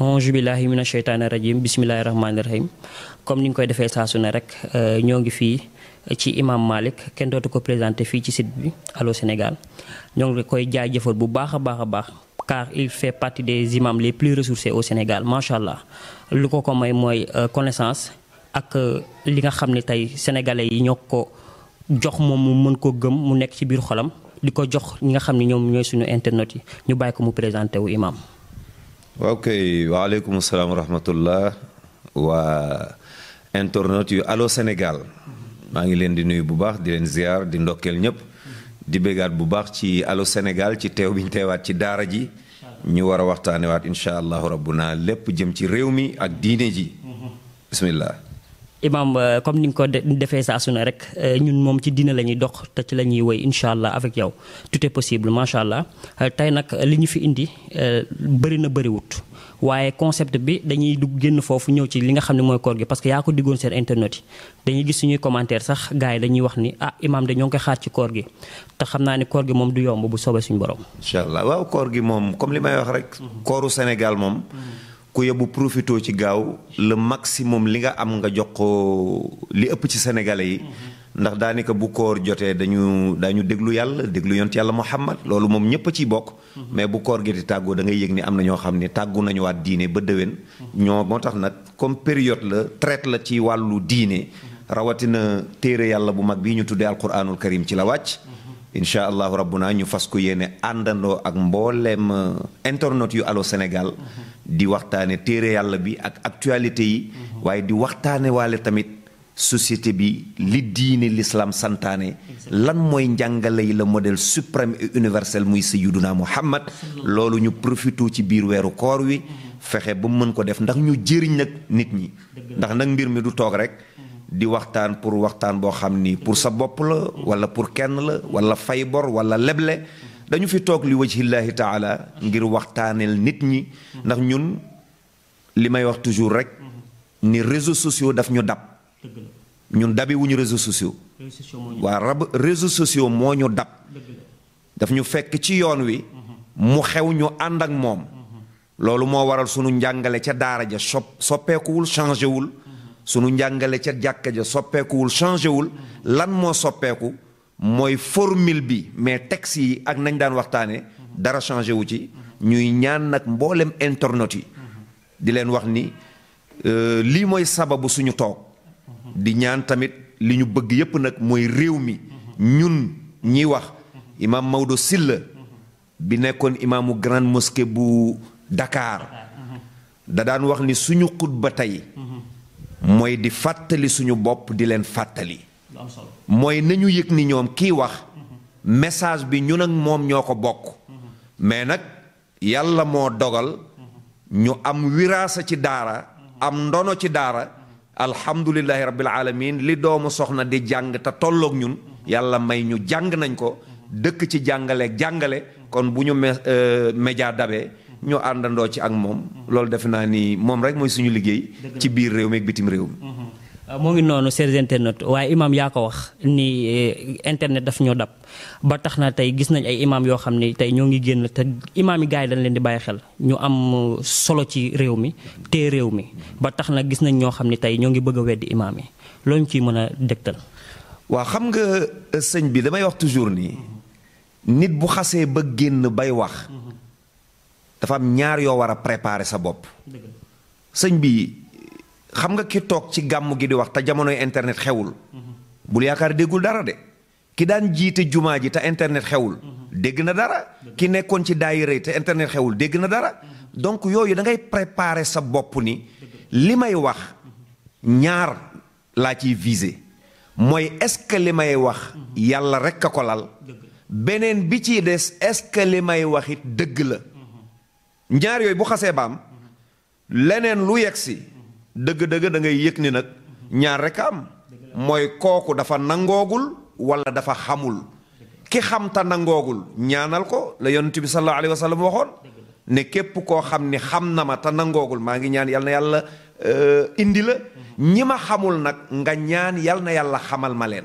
auzu billahi mina sheytaani rajim bismillahi rahmaani rahim comme ni nga koy defee saasu ne rek euh, ñoo ngi fii ci imam Malick kenn dootu ko présenté fii ci site bi Allô Sénégal ñoo ngi koy jëfal bu baax a baax a baax car il fait partie des imams les plus ressourcés au Sénégal macha allah lu ko ko may mooy euh, connaissance ak euh, li nga xam ne tey sénégalais yi ñoo ko jox moom mu mën koo gëm mu nekk ci biir xolam di ko jox li nga xam ne ñoom ñooy suñu internet yi ñu bàyyi ko mu présenté wu imam waaw kay waaleykum salaam wa rahmatullah waa internautes yu Allô Sénégal maa ngi leen di nuyu bu baax di leen ziar di ndokkeel ñëpp di bégaat bu baax ci Allô Sénégal ci teew bi ñu teewaat ci daara ji ñu war a waxtaanewaat incha allahu rabbuna lépp jëm ci réew mi ak diine ji bismillah imam euh, comme ni nga ko defee saa su ne rek euh, ñun moom ci dina la ñuy dox te ci la ñuy woy incha allah avec yow tout est possible macha allah euh, tey nag li ñu fi indi bëri na bëriwut waaye concept bi dañuy dugg génn foofu ñëw ci li nga xam ne mooy koor gi parce que yaa ko diggoon seen internet yi dañuy gis suñuy commentaire sax gars dañuy wax ni ah imam dañoo ngi koy xaar ci koor gi te xam naa ne koor gi moom du yomb bu soobee suñu borom. incha allah waaw koor gi moom comme li may wax rek. Mhm. kooru Sénégal moom. Mhm. ku yóbbu profito ci gaaw le maximum li nga am nga jox ko li ëpp ci sénégalais yi. Mm-hmm. ndax daanaka bu koor jotee dañu dañu déglu yàlla déglu yont yàlla Muhammad loolu moom ñëpp a ciy bokk. Mm-hmm. mais bu koor gi di tàggoo dangay ngay yëg ni am na ñoo xam ni tàggu nañu waat diine ba déwén. Mm-hmm. ñoo moo tax nag comme période la traite la ci wàllu diine. rawatina téere yàlla bu mag bii ñu tuddee alquranul karim ci la wàcc. incha allahu rabbuna ñu fas ko yéene àndandoo ak mbooleem euh, internet yu Allô Sénégal. di waxtaane téere yàlla bi ak actualité yi mhm. waaye di waxtaane waale tamit société bi li diini l'islam santaane lan mooy njàngale yi la modèle suprême et universel muy sayyiduna muhammad loolu ñu profité ci biir weeru koor wi mhm. fexe ba mën ko def ndax ñu jëriñ nag nit ñi ndax nag mbir mi du toog rek mhm. di waxtaan pour waxtaan boo xam ni pour sa bopp la wala pour kenn la wala fay bor wala leble dañu fi toog li wajhillaahi taala ngir waxtaaneel nit ñi ndax ñun li may wax toujours rek ni réseaux sociaux daf ñu dab ñun dabi wuñu réseaux sociaux waa rab réseaux sociaux moo ñu dab daf ñu fekk ci yoon wi mhm. mu xew ñu ànd ak moom mhm. loolu moo waral sunu njàngale ca daara ja sop soppeekuwul changé wul mhm. sunu njàngale ca jàkka ja soppeekuwul changé wul lan moo soppeeku mooy formule bi mais texte yi ak nañ daan waxtaane dara changé wu ci ñuy ñaan nag mboolem internet yi di leen wax ni euh, lii mooy sababu suñu toog di ñaan tamit li ñu bëgg yépp nag mooy réew mi ñun ñiy wax imaam Maodo Sylla bi nekkoon imaamu grande mosquée bu Dakar da daan wax ni suñu xutba tey mhm. mooy di fàttali suñu bopp di leen fàttali mooy nañu yëg ni ñoom kii wax mm-hmm. message bi ñun ak moom ñoo ko bokk mm-hmm. mais nag yàlla moo dogal mm-hmm. ñu am wiraasa ci daara am ndono ci daara alhamdulillahi rabbil alamin li doomu soxna di jàng te tolloog ñun yàlla may ñu jàng nañ ko dëkk ci jàngale jàngale kon bu ñu euh, média dabee ñu àndandoo ci ak moom loolu defe naa ni moom rek mooy suñu liggéey ci biir réew mi ak bitim réew mi Euh, moo ngi noonu chers internautes waaye imaam yaa ko wax ni euh, internet daf ñoo dab ba tax na tey gis nañ ay imaam yoo xam ni tey ñoo ngi génn te imaam yi gars yi dañ leen di bàyyi xel ñu am euh, solo ci réew mi te réew mi ba tax na gis nañ ñoo xam ni tey ñoo ngi bëgg a weddi imaam yi loolu ñu ciy mën a dégtal. waaw xam nga sëñ bi damay wax toujours nii nit bu xasee ba génn bay wax mhm. dafa am ñaar yoo war a préparer sa bopp sëñ bi. xam nga ki toog ci gàmm gi di wax te jamonoy internet xewul. bul yaakaar déggul dara de. ki daan jiite jumaa ji te internet xewul. dégg na dara. ki nekkoon ci daayira yi te internet xewul dégg na dara. donc yooyu da ngay préparer sa bopp ni. li may wax ñaar laa ciy viser. mooy est may wax. yàlla rek a ko lal. beneen bi ci des est-ce may wax dëgg la. ñaar yooyu bu xasee leneen lu yegg dëgg-dëgg dangay ngay yëg ni nag ñaar rek mooy kooku dafa nangoogul wala dafa xamul ki xam ta nangoogul ñaanal ko la yonent bi sallallahu alayhi waxoon ne képp koo xam ni xam na ma ta nangoogul maa ngi ñaan yal na yàlla euh, indi la ñi ma xamul nag nga ñaan yal na yàlla xamal ma leen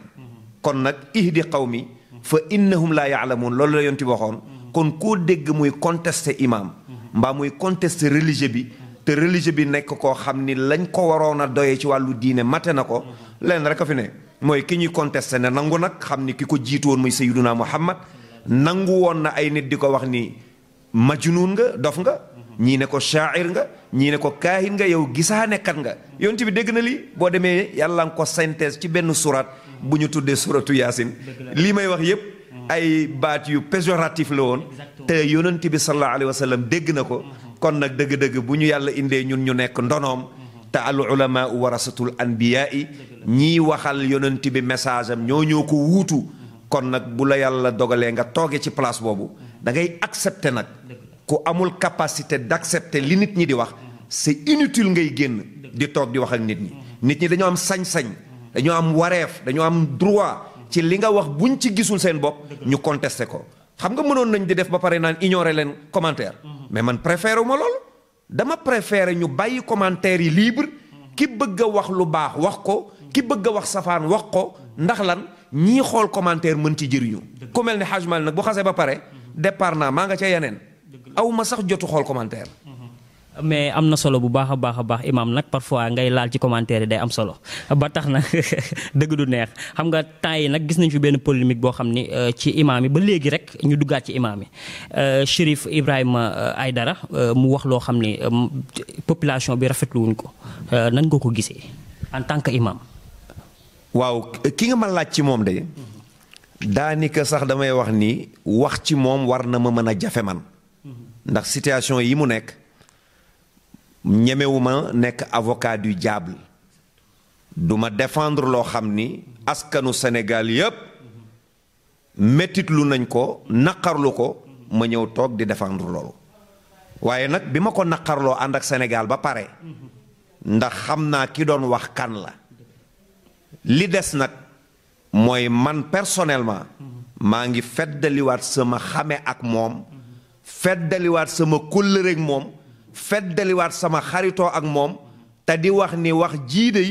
kon nag ihdi qawmi fa innahum laa yaalamuun loolu la yonent bi waxoon kon koo dégg muy contesté imam mbaa muy contesté religieux bi te religieux bi nekk koo xam ni lañ ko waroon a doyee ci wàllu diine mate na ko leen rek a fi ne mooy ki ñuy contesté ne nangu nag xam ni ki ko jiitu woon muy Sayyiduna Muhammad nangu woon na ay nit di ko wax ni majnuun nga dof nga ñii ne ko shaair nga ñii ne ko kaahin nga yow gisaa nekkat nga yonent bi dégg na lii boo demee yàlla nga ko synthèse ci benn surat bu ñu tuddee suratu yaasin lii may wax yépp ay baat yu péjoratif la woon te yonent bi dégg na ko kon nag dëgg-dëgg bu ñu yàlla indee ñun ñu nekk ndonoom te al ulamaa warasatul anbiyaa'i ñiy waxal yonent bi message am ñoo ñoo ko wuutu kon nag bu la yàlla dogalee nga tooge ci place boobu da ngay accepter nag ku amul capacité d'accepter li nit ñi di wax c'est inutile ngay génn di toog di wax ak nit ñi nit ñi dañoo am sañ-sañ dañoo am wareef dañoo am droit ci li nga wax buñ ci gisul seen bopp ñu contester ko xam nga mënoon nañ di def ba pare naan ignorer leen commentaire mhm. mais man préféré ma loolu dama préféré ñu bàyyi commentaire yi libre ki bëgg wax lu baax wax ko ki bëgg a wax safaan wax ko ndax lan ñii xool commentaire mën ci jëriñu ku mel ne xajmal nag bu xasee ba pare mhm. départ naa maa nga ca yeneen aw ma sax jotu xool commentaire mais am na solo bu baax a baax a baax imaam nag parfois ngay laal ci commentaire yi day am solo ba tax na dëgg du neex xam nga temps yi nag gis nañ fi benn polémique boo xam ni euh, ci imaam yi ba léegi rek ñu duggaat ci imaam yi euh, Chérif Ibrahima euh, Aïdara mu wax loo xam ni population bi rafetlu ko nan nga ko gisee en tant que imaam. waaw ki nga ma laaj ci moom de sax damay wax ni wax ci moom war na ma mën a jafe man mhm. ndax situation yi mu nekk. ñemewuma nekk avocat du diable duma ma loo xam ni askanu senegaal yépp mettitlu nañ ko naqarlu ko ma ñëw toog di défendre loolu waaye nag bi ma ko naqarloo ànd ak senegaal ba pare ndax xam naa ki doon wax kan la li des nag mooy man personnellement maa ngi feddaliwaat sama xame ak moom feddaliwaat sama kóllëre moom feddaliwaat sama xaritoo ak moom te di wax ni wax jii jiidey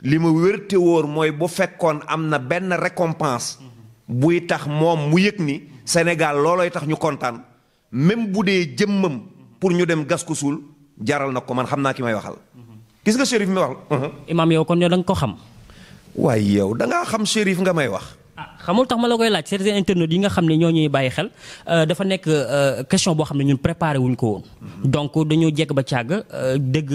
li ma wértewoor mooy bu fekkoon am na benn récompense buy tax moom mu yëg ni Sénégal loolooy tax ñu kontaan même bu dee jëmmam pour ñu dem gas ko suul jaral na ko man xam naa ki may waxal gis nga shérif mi wax. imaam yow kon yow da ko xam. waaye yow danga ngaa xam shérif nga may wax. xamul tax ma la koy laaj certains internautes yi nga xam ne ñoo ñuy bàyyi xel euh, dafa nekk euh, question boo xam ne ñun préparé wuñ ko woon. donc dañoo jekk ba càgg euh, dégg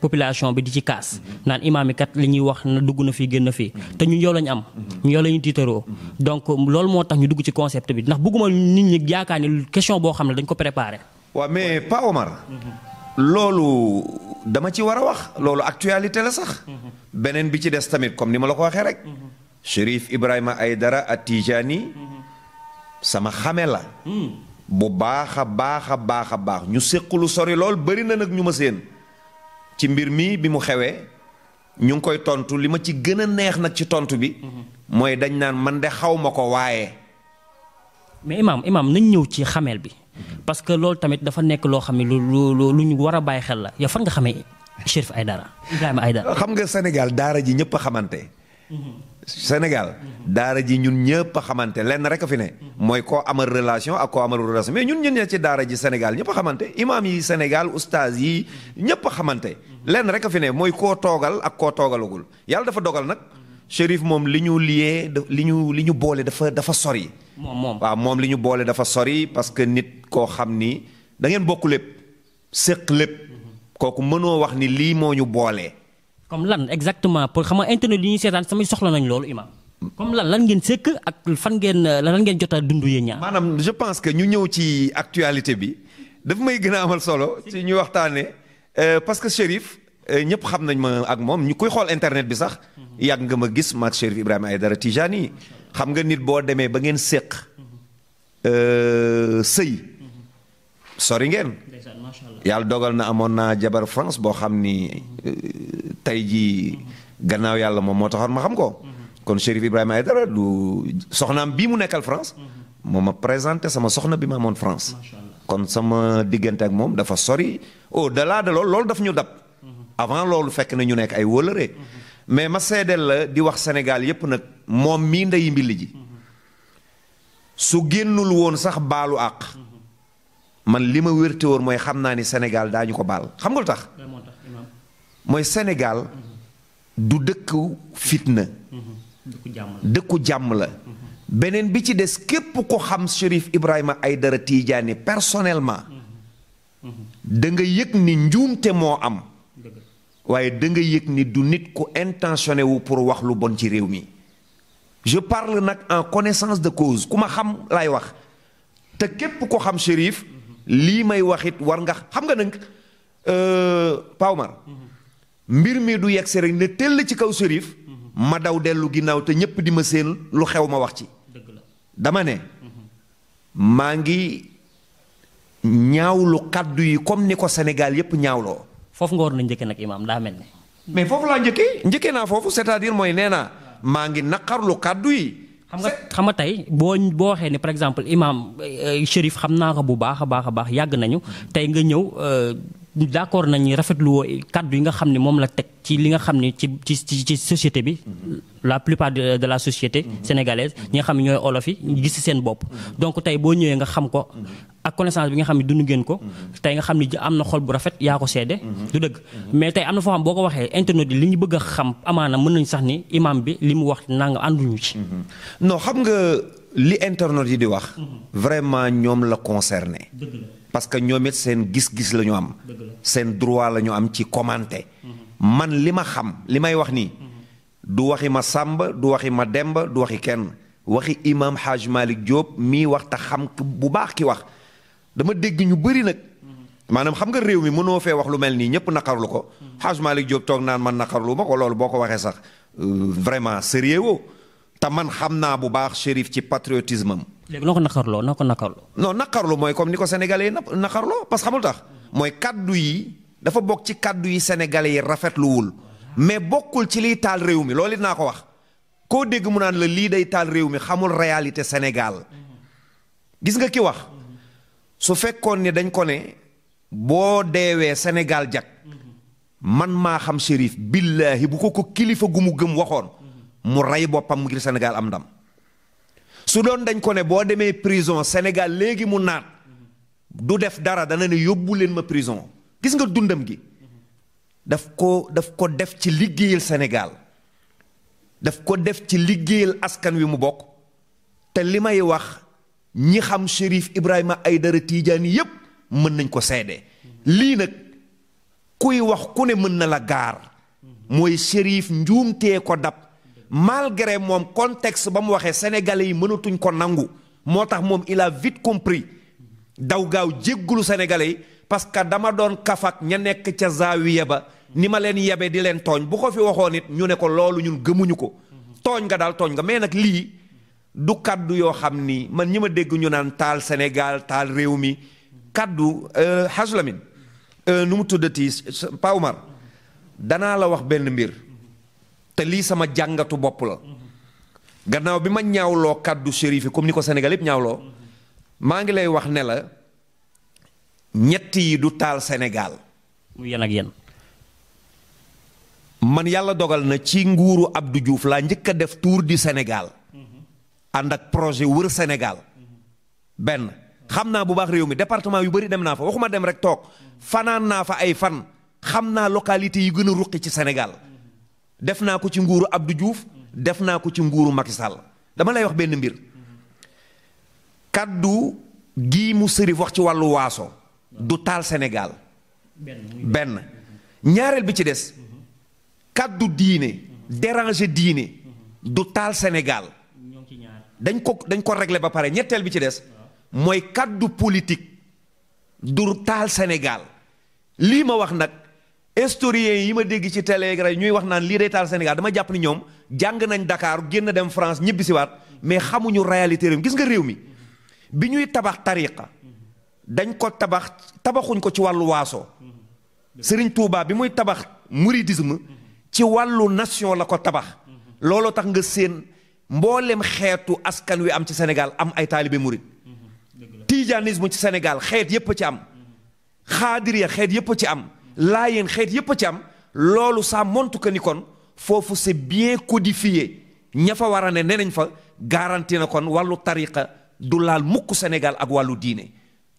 population bi di ci kaas. naan imaam yi kat li ñuy wax na dugg na fii génn na fii te ñun yow lañ am. ñun yow lañu tiitaroo. donc loolu moo tax ñu dugg ci concept bi ndax bëgguma nit ñi yaakaar ne question boo xam ne dañ ko préparé. waaw mais Pa Omar. loolu dama ci war a wax loolu actualité la sax. Mhm. beneen bi ci des tamit comme ni ma la ko waxee rek. Mhm. Chérif Ibrahima dara at Tijani sama xame la hmm. bu baax a baax a baax a baax ñu séq lu sori lool bari na nag ñu ma séen ci mbir mii bi mu xewee ñu ngi koy tontu li ma ci gën a neex nag ci tontu bi hmm. mooy dañ naan man de xaw ma ko waaye mais imaam imaam nañ ñëw ci xameel bi hmm. parce que loolu tamit dafa nekk loo xam ne lu lu lu ñu war a bàyyi xel la yow fan nga xamee Chérif Aïdara Ibrahima Aïdara xam nga Sénégal daara ji ñëpp xamante Mm-hmm. Sénégal mm-hmm. daara ji ñun ñëpp xamante lenn rek a fi ne mm-hmm. mooy koo amal relation ak koo amal relation mais ñun ñun ne ci daara ji Sénégal ñëpp a xamante imaam yi Sénégal oustaz yi ñëpp a xamante lenn rek a fi ne mooy koo toogal ak koo toogalagul yàlla dafa dogal nag Chérif moom li ñu liyee li ñu li ñu boole dafa dafa sori. moom moom waaw moom li ñu boole dafa sori parce que nit koo xam ni da ngeen bokk lépp séq lépp kooku mënoo wax ni lii moo ñu boole. comme lan exactement pour xam nga internet yi ñuy seetaan samay soxla nañ loolu imam comme lan lan ngeen sëkk ak fan ngeen lan ngeen jot a dund yéen ñaar. maanaam je pense que ñu ñëw ci actualité bi dafa may gën a amal solo ci ñu waxtaanee euh, parce que Chérif euh, ñëpp xam nañ ma ak moom ñu koy xool internet bi sax. yàgg nga ma gis maak Chérif Ibrahima Aïdara Tijani xam nga nit boo demee ba ngeen séq euh, sëy sori ngeen. yàlla dogal na amoon naa jabar France boo xam ni tey jii gannaaw yàlla moom moo taxoon ma xam ko. kon Chérif Ibrahima Aïdara du soxnaam bii mu nekkal France. moom ma présenté sama soxna bi ma amoon France. kon sama diggante ak moom dafa sori au delà de lool daf ñu dab. avant loolu fekk na ñu nekk ay wóolëree. mais ma seedeel la di wax Sénégal yépp nag moom mii ndeyi mbilli ji. su génnul woon sax baalu àq. man li ma wérte woon mooy xam naa ni Sénégal daañu ko baal xam nga lu tax. mooy Sénégal du dëkku fitna. dëkku jàmm la dëkku jàmm la. beneen bi ci des képp ko xam Chérif Ibrahima Aïdara Tidiane personnellement. da nga yëg ni njuumte moo am. waaye da nga yëg ni du nit ku intentionné wu pour wax lu bon ci réew mi. je parle nag en connaissance de cause ku ma xam laay wax te képp ko xam Chérif lii may waxit war nga xam nga nag euh, Pawmar. Mhm. mbir mi du yegg si rek ne tell ci kaw Cherif ma daw dellu ginnaaw te ñépp di ma séen lu xew ma wax ci dama ne maa ngi ñaawlu kàddu yi comme ni ko senegal yépp ñaawloo foofu nga war na njëkke nag imaam daa mel ne mais foofu laa njëkkee njëkkee naa foofu cest à mooy nee naa maa ngi naqarlu kàddu yi xam nga xam nga tey boo boo waxee ne par exemple imaam euh, Cherif xam naa ko bu baax a baax a baax yàgg nañu mm-hmm. tey nga ñëw euh, d'accord nañu rafetlu woo kàddu yi nga xam ne moom la teg ci li nga xam ne ci ci ci société bi. la plupart de de la société. sénégalaise ñi nga xam ne ñooy olof yi gis seen bopp. donc tey boo ñëwee nga xam ko. ak connaissance bi nga xam ne dund ngeen ko. tey nga xam ne am na xol bu rafet yaa ko seede. du dëgg mais tey am na foo xam boo ko waxee internet yi li ñu bëgg a xam amaana mën nañu sax ni imam bi li mu wax nanga ànduñu ci. non xam nga li internet yi wax. Mm-hmm. vraiment ñoom la concerné. parce que ñoom it seen gis-gis la ñu am. seen droit la ñu am ci komante man li ma xam li may wax nii. du waxi ma sàmb du waxi ma Demba du waxi kenn waxi imam Hadj Malick Diop mii wax te xam bu baax ki wax dama dégg ñu bëri nag. maanaam xam nga réew mi mënoo fee wax lu mel nii ñëpp naqarlu ko. Hadj Malick Diop toog naan man naqarlu ma ko loolu boo ko waxee sax euh, vraiment sérieux woo te man xam naa bu baax shérif ci patriotisme am léegi noo ko naqarloo noo ko naqarloo. non naqarlu mooy comme ni ko sénégalais yi naqarloo parce que xamul tax mooy kàddu yi dafa bokk ci kàddu yi sénégalais yi rafetluwul mais bokkul ci liy taal réew mi loolu it naa ko wax koo dégg mu naan la lii day taal réew mi xamul réalité Sénégal gis nga ki wax su fekkoon ni dañ ko ne boo deewee senegal jag man maa xam sérif billaahi bu ko ko kilifa gu mu gëm waxoon mu rey boppam ngir Sénégal am ndam. su doon dañ ko ne boo demee prison Sénégal léegi mu naat du def dara dana ne yóbbu leen ma prison gis nga dundam gi daf ko daf ko def ci liggéeyal Sénégal daf ko def ci liggéeyal askan wi mu bokk te li may wax ñi xam Chérif Ibrahima ay Aïdara Tidiane yépp mën nañ ko seede lii nag kuy wax ku ne mën na la gaar mooy Chérif njuumtee ko dab malgré moom contexte ba mu waxee sénégalais yi mënatuñ ko nangu moo tax moom il a vite compris daw gaaw jéggulu sénégalais yi parce que dama doon kafak ña nekk ca zaawiya ba ni ma leen yebe di leen tooñ bu ko fi waxoon it ñu ne ko loolu ñun gëmuñu ko tooñ nga daal tooñ nga mais nag lii du kaddu yoo xam ni man ñi ma dégg ñu naan taal Sénégal taal réew mi kaddu euh, Haslamine euh, nu mu tuddati Pa Oumar danaa la wax benn mbir lii sama jàngatu bopp la gannaaw bi ma ñaawloo kàddu shérif yi comme ni ko Sénégal yëpp ñaawloo maa ngi lay wax ne la ñett yi du taal Sénégal. mu yéen ak man yàlla dogal na ci nguuru Abdou juuf laa njëkk a def tour du Sénégal. ànd ak projet wër Sénégal. benn xam naa bu baax réew mi département yu bari dem naa fa waxuma dem rek toog fanaan naa fa ay fan xam naa localité yi gën a ruqi ci Sénégal. def naa ko ci nguuru Abdou juuf def naa ko ci nguuru Macky dama lay wax benn mbir kàddu gii mu sëri wax ci wàllu waaso du taal senegaal benn ñaareel bi ci des kàddu diine déranger diine du taal Sénégal dañ ko dañ ko régler ba pare ñetteel bi ci des mooy kàddu politik du taal Sénégal lii ma wax nag historien yi ma dégg ci télé rek ñuy wax naan lii day taal Sénégal dama jàpp ni ñoom jàng nañ dakaaru génn dem France ñibbi si waat mais xamuñu réalité réew mi gis nga réew mi bi ñuy tabax tariqa dañ ko tabax tabaxuñ ko ci wàllu waaso Serigne Touba bi muy tabax mouridisme ci wàllu nation la ko tabax looloo tax nga séen mboolem xeetu askan wi am ci Sénégal am ay taalibe murid tijanisme ci Sénégal xeet yépp a ci am xaadir ya xeet yépp ci am laayeen xeet yépp a ci am loolu ça montre que ni kon foofu c'est bien codifié ña fa war a ne nenañ fa garanti na kon wàllu tariqa du laal mukk Sénégal ak wàllu diine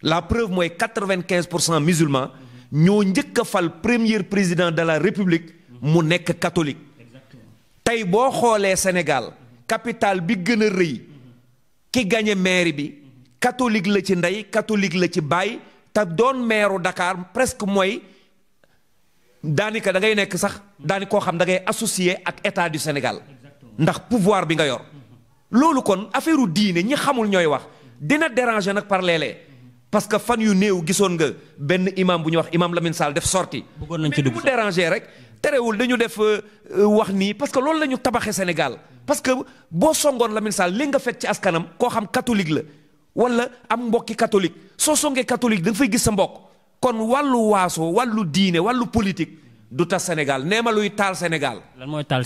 la preuve mooy quatre-vingt-quinze pour cent musulmans ñoo njëkk a fal premier président de la république mu nekk katolik tey boo xoolee Sénégal capitale bi gën a rëy ki gañe maire bi catholique la ci ndey catholique la ci baay te doon maireu dakaar presque mooy daanika da ngay nekk sax daani koo xam da ngay associé ak état du Sénégal ndax pouvoir bi nga yor loolu kon affaire diine ñi xamul ñooy wax dina déranger nag par léeg parce que fan yu néew gisoon nga benn imam bu ñuy wax imaam Lamine Sall def sorti bëggoon nañ ci dugg mu déranger rek terewul dañu def euh, euh, wax nii parce que loolu la ñu tabaxee Sénégal parce que boo songoon Lamine Sall li nga fet ci askanam koo xam catholique la wala am mbokki catholique soo songee catholique da fay gis sa mbokk. kon wàllu waaso wàllu diine wàllu politique du tas Sénégal nee taal Sénégal. lan mooy taal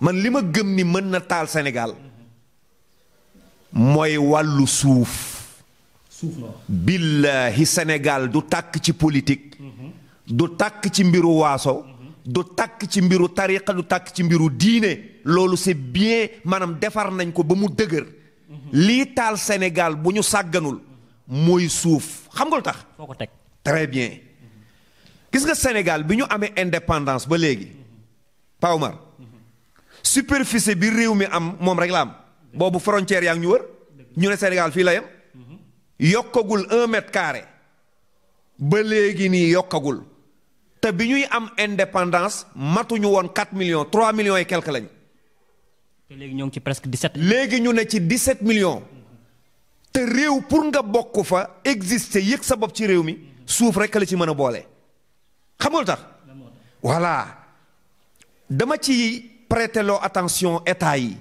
man li ma gëm ni mën na taal Sénégal mooy wàllu suuf. suuf la billaahi Sénégal du tàkk ci politique. du tàkk ci mbiru waaso. du tàkk ci mbiru tariqa du tàkk ci mbiru diine loolu c'est bien maanaam defar nañ ko ba mu dëgër. lii taal Sénégal bu ñu sàgganul. mooy suuf xam nga lu tax. foo ko teg très bien. gis nga Sénégal bi ñu amee indépendance ba léegi. Pa Omar superficie bi réew mi am moom rek la am. boobu frontière yaa ngi ñu wër. ñu ne Sénégal fii la yem. yokkagul un mètre carré. ba léegi nii yokkagul. te bi ñuy am indépendance matuñu woon 4 millions 3 millions et quelque lañu. léegi ñoo ngi ci presque 17. léegi ñu ne ci 17 millions. te réew pour nga bokk fa exister yëg sa bopp ci réew mi suuf rek la ci mën a boole xamoo nga lu tax voilà dama ci prêter loo attention état yi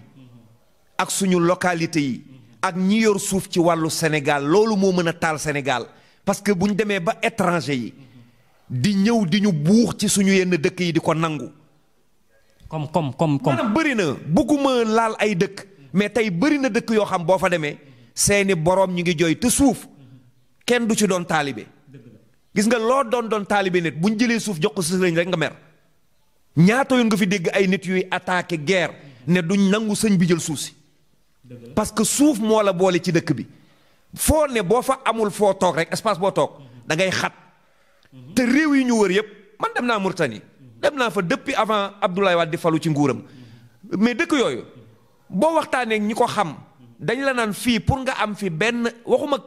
ak suñu localité yi ak ñi yor suuf ci wàllu Sénégal loolu moo mën a taal Sénégal parce que bu ñu demee ba étranger yi di ñëw di ñu buux ci suñu yenn dëkk yi di ko nangu. comme comme comme comme. bëri na bëgguma laal ay dëkk mais tey bëri na dëkk yoo xam boo fa demee. seeni boroom ñu ngi jooy te suuf kenn du ci doon taalibe gis nga loo doon doon taalibe nit bu ñu jëlee suuf jox ko sëriñ rek nga mer ñaata yoon nga fi dégg ay nit yuy attaqué guerre ne duñ nangu sëñ bi jël suuf si parce que suuf moo la boole ci dëkk bi foo ne boo fa amul foo toog rek espace boo toog da ngay xat te réew yi ñu wër yëpp man dem naa Mauritanie dem naa fa depuis avant Abdoulaye Wade di falu ci nguuram mais dëkk yooyu boo waxtaanee ñi ko xam dañu la naan fii pour nga am fi benn waxuma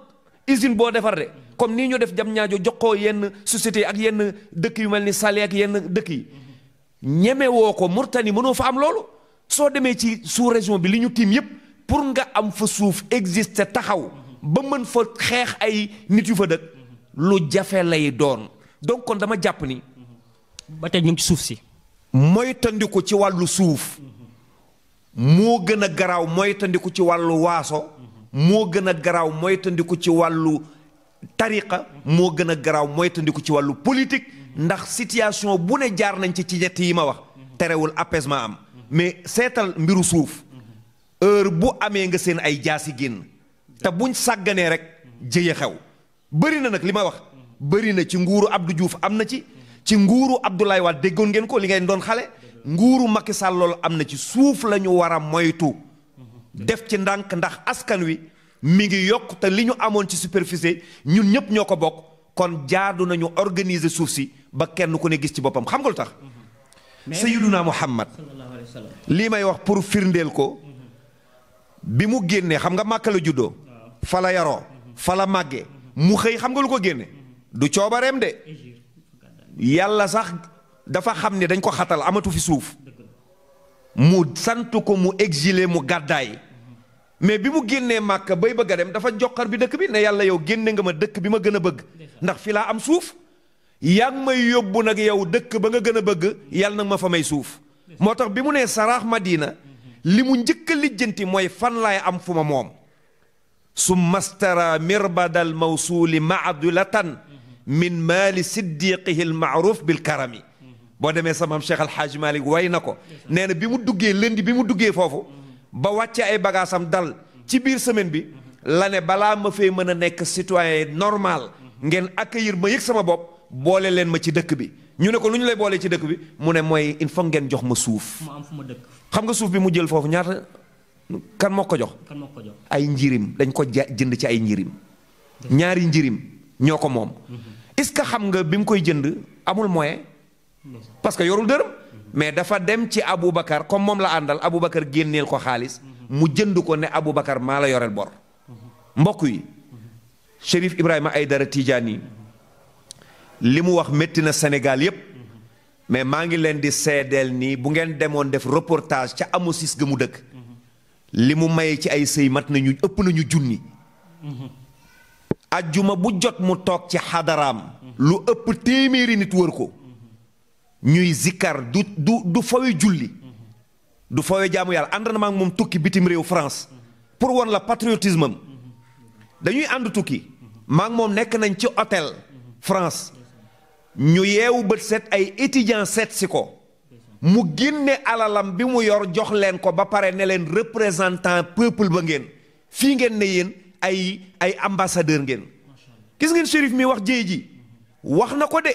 usine boo defar de comme nii ñu def jam ñaajo jox ko yenn société ak yenn dëkk yu mel ni Salé ak yenn dëkk yi ñeme woo ko Mauritanie mënoo fa am loolu soo demee ci sous région bi li ñu tiim yépp pour nga am fa suuf existe taxaw ba mën fa xeex ay nit yu fa dëkk lu jafe lay doon donc kon dama jàpp ni. ba tey ñu ngi ci suuf si. moytandiku ci wàllu suuf. moo gën a garaaw moytandiku ci wàllu waaso moo gën a garaaw moytandiku ci wàllu tariqa moo gën a garaaw moytandiku ci wàllu politique ndax situation bu ne jaar nañ ci ci ñett yi ma wax terewul apaisement am mais seetal mbiru suuf heure bu amee nga seen ay jaas yi génn te buñ sàgganee rek jëye xew bëri na nag li ma wax bëri na ci nguuru Abdou juuf am na ci ci nguuru Abdoulaye Wade déggoon ngeen ko li ngeen doon xale nguuru makki Sall loolu am na ci suuf la ñu war a moytu def ci ndànk ndax askan wi mi ngi yokk te li ñu amoon ci superficie ñun ñëpp ñoo ko bokk kon jaadu nañu organiser suuf si ba kenn ku ne gis ci boppam xam nga lu tax Sayyiduna Muhammad lii may wax pour firndeel ko bi mu génnee xam nga Màkka la juddoo fala yaroo fala màggee mu xëy xam nga lu ko génne mm-hmm. du coobareem de yàlla sax dafa xam ne dañ ko xatal amatu fi suuf mu sant ko mu exilé mu gàddaay mais bi mu génnee màkk bay bëgg a dem dafa joxar bi dëkk bi ne yàlla yow génne nga ma dëkk bi ma gën a bëgg ndax fi laa am suuf yaa may yóbbu nag yow dëkk ba nga gën a bëgg yàlla nag ma fa may suuf moo tax bi mu nee saraax madina li mu njëkk a lijjanti mooy fan laay am fu ma moom su mastara mirbadal mawsuuli maadulatan min maali siddiqihi almaaruf bilkarami boo demee sa maam Cheikh Al Hadj Malick way na ko nee na bi mu duggee lundi bi mu duggee foofu ba wàcce ay bagaasam dal ci biir semaine bi la ne balaa ma fee mën a nekk citoyen normal ngeen accueillir ma yëg sama bopp boole leen ma ci dëkk bi ñu ne ko lu ñu lay boolee ci dëkk bi mu ne mooy il faut ngeen jox ma suuf. ma am ma dëkk. xam nga suuf bi mu jël foofu ñaata kan moo ko jox. kan moo ko ay njirim dañ ko ja jënd ci ay njirim. ñaari njirim ñoo ko moom. Mhm. est xam nga bi mu koy jënd parce que yorul dërëm mais dafa dem ci Aboubacar comme moom la àndal Aboubacar génneel ko xaalis mu jënd ko ne Aboubacar maa la yoreel bor mbokk yi Chérif Ibrahima ay Aïdara Tidiane li mu wax métti na Sénégal yépp mais maa ngi leen di seedeel nii bu ngeen demoon def reportage ca Amosis ga mu dëkk li mu maye ci ay sëy mat nañu ëpp nañu junni ajjuma bu jot mu toog ci xadaraam lu ëpp téeméeri nit wër ko ñuy zikkar du du du fawe julli du fawe jaamu yàlla ànd na maak moom tukki bitim réew France pour won la patriotisme dañuy ànd tukki maak moom nekk nañ ci hôtel France ñu yeewu bët set ay étudiants seet si ko mu génne alalam bi mu yor jox leen ko ba pare ne leen représentant peuple ba ngeen fii ngeen ne yéen ay ay ambassadeur ngeen gis ngeen shérif mi wax jéey wax na ko de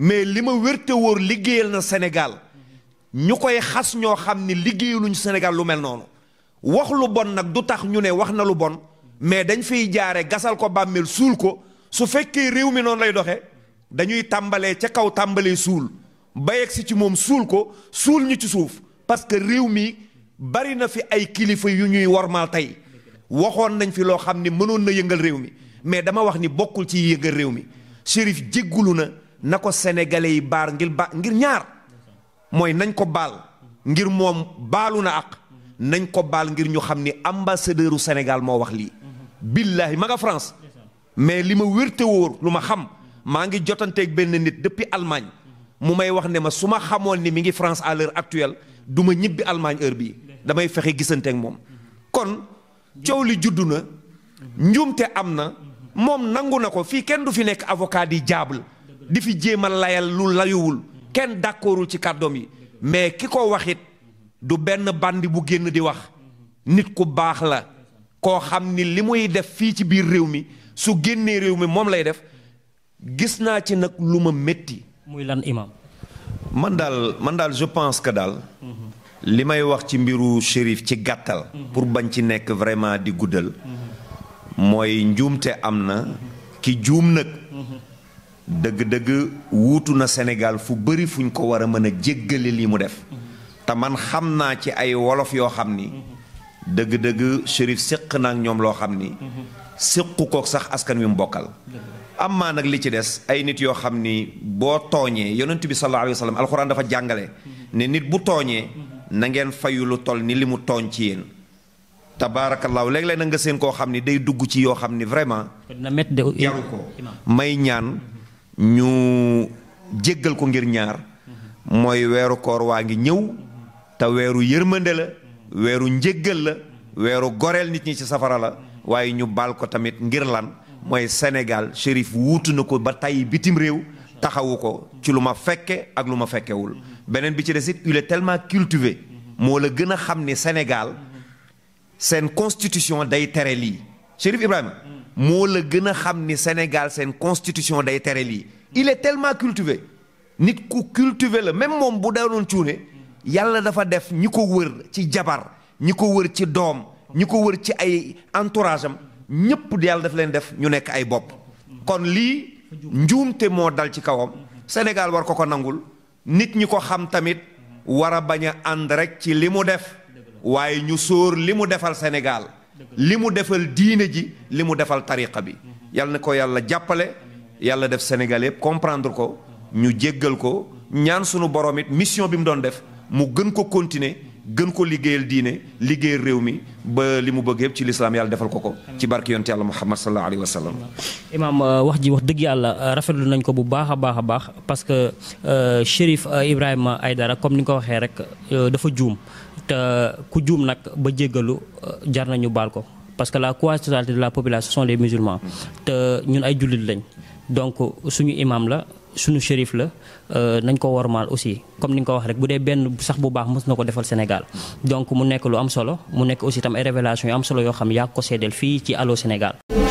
mais li ma wérte wóor liggéeyal na Sénégal ñu koy xas ñoo xam ni liggéeyaluñ Sénégal lu mel noonu wax lu bon nag du tax ñu ne wax na lu bon mais dañ fiy jaare gasal ko bàmmeel suul ko su fekkee réew mi noonu lay doxee dañuy tàmbalee ca kaw tàmbalee suul ba yegg si ci moom suul ko suul ñu ci suuf parce que réew mi bari na fi ay kilifa yu ñuy wormaal tey waxoon nañ fi loo xam ni mënoon na yëngal réew mi mais dama wax ni bokkul ci yëngal réew mi Chérif jéggulu na na ko sénégalais yi baar ngir ba ngir ñaar mooy nañ ko baal ngir moom baalu na ak nañ ko baal ngir ñu xam ni ambassadeuru Sénégal moo wax lii billaahi ma France mais li ma wérte lu ma xam maa ngi jotanteek benn nit depuis Allemagne mu may wax ne ma su ma xamoon ni mi ngi France à l'heure actuelle du ma ñibbi Allemagne heure bii damay fexe gisanteek moom kon coow li juddu na njuumte am na moom nangu na ko fii kenn du fi nekk avocat di jaable di fi jéem a layal lu layuwul kenn d'accordul ci kàddoom yi mais ki ko wax du benn bandi bu génn di wax nit ku baax la koo xam ni li muy def fii ci biir réew mi su génnee réew mi moom lay def gis naa ci nag lu ma métti. muy lan imam. man daal man daal je pense que daal. li may wax ci mbiru shérif ci gàttal. pour bañ ci nekk vraiment di guddal. mooy njuumte am na. ki juum nag. dëgg-dëgg wuutu na senegal fu bari fuñ ko war a mën a jéggale lii mu def te man xam naa ci ay wolof yoo xam ni dëgg-dëgg Chérif séq na ñoom loo xam ni séqu ko sax askan wi mu bokkal amaa nag li ci des ay nit yoo xam ni boo tooñee yonent bi sallallahu alayhi alxuraan dafa jàngale ne nit bu tooñee na ngeen fayu lu toll ni li mu tooñ ci yéen tabaarakallaahu léeg leen na nga seen koo xam ni day dugg ci yoo xam ni vraiment may ñaan ñu jéggal ko ngir ñaar mooy weeru koor waa ngi ñëw te weeru yërmande la weeru njéggal la weeru goreel nit ñi ci safara la waaye ñu baal ko tamit ngir lan mooy Sénégal Chérif wuutu na ko ba tey bitim réew taxawu ko ci lu ma fekke ak lu ma fekkewul beneen bi ci des it il est tellement moo la gën a xam ni Sénégal seen constitution day tere lii Chérif Ibrahima moo la gën a xam ni Sénégal seen constitution day tere lii il est tellement cultivé nit ku cultivé la même moom bu doonoon cuune yàlla dafa def ñi ko wër ci jabar ñi ko wër ci doom ñi ko wër ci ay entourage am ñëpp yàlla daf leen def ñu nekk ay bopp kon lii njuumte moo dal ci kawam Sénégal war ko ko nangul nit ñi ko xam tamit war a bañ a ànd rek ci li mu def waaye ñu sóor li mu defal Sénégal li mu defal diine ji li mu defal tariqa bi yàlla na ko yàlla jàppale yàlla def Sénégal yëpp comprendre ko ñu jéggal ko ñaan sunu borom mission bi mu doon def mu gën ko continuer gën ko liggéeyal diine liggéeyal réew mi ba li mu bëggee yëpp ci lislaam yàlla defal ko ko ci barke yonte yàlla muhammad sallallahu alayhi wa sallam imaam euh, wax ji wax dëgg yàlla euh, rafetlu nañ ko bu baax a baax a baax parce que euh, Chérif Ibrahima Aïdara comme ni nga ko waxee rek dafa juum te ku juum nag ba jéggalu euh, jar nañu baal ko parce que la quasi totalité de la population sont des musulmans te ñun ay jullit lañ donc suñu imam la suñu shérif la euh, nañ ko wormaal aussi comme ni nga ko wax rek bu dee benn sax bu baax mës na ko defal Sénégal donc mu nekk lu am solo mu nekk aussi tam ay révélation yu am solo yoo xam yaa ko seedeel fii ci Allô Sénégal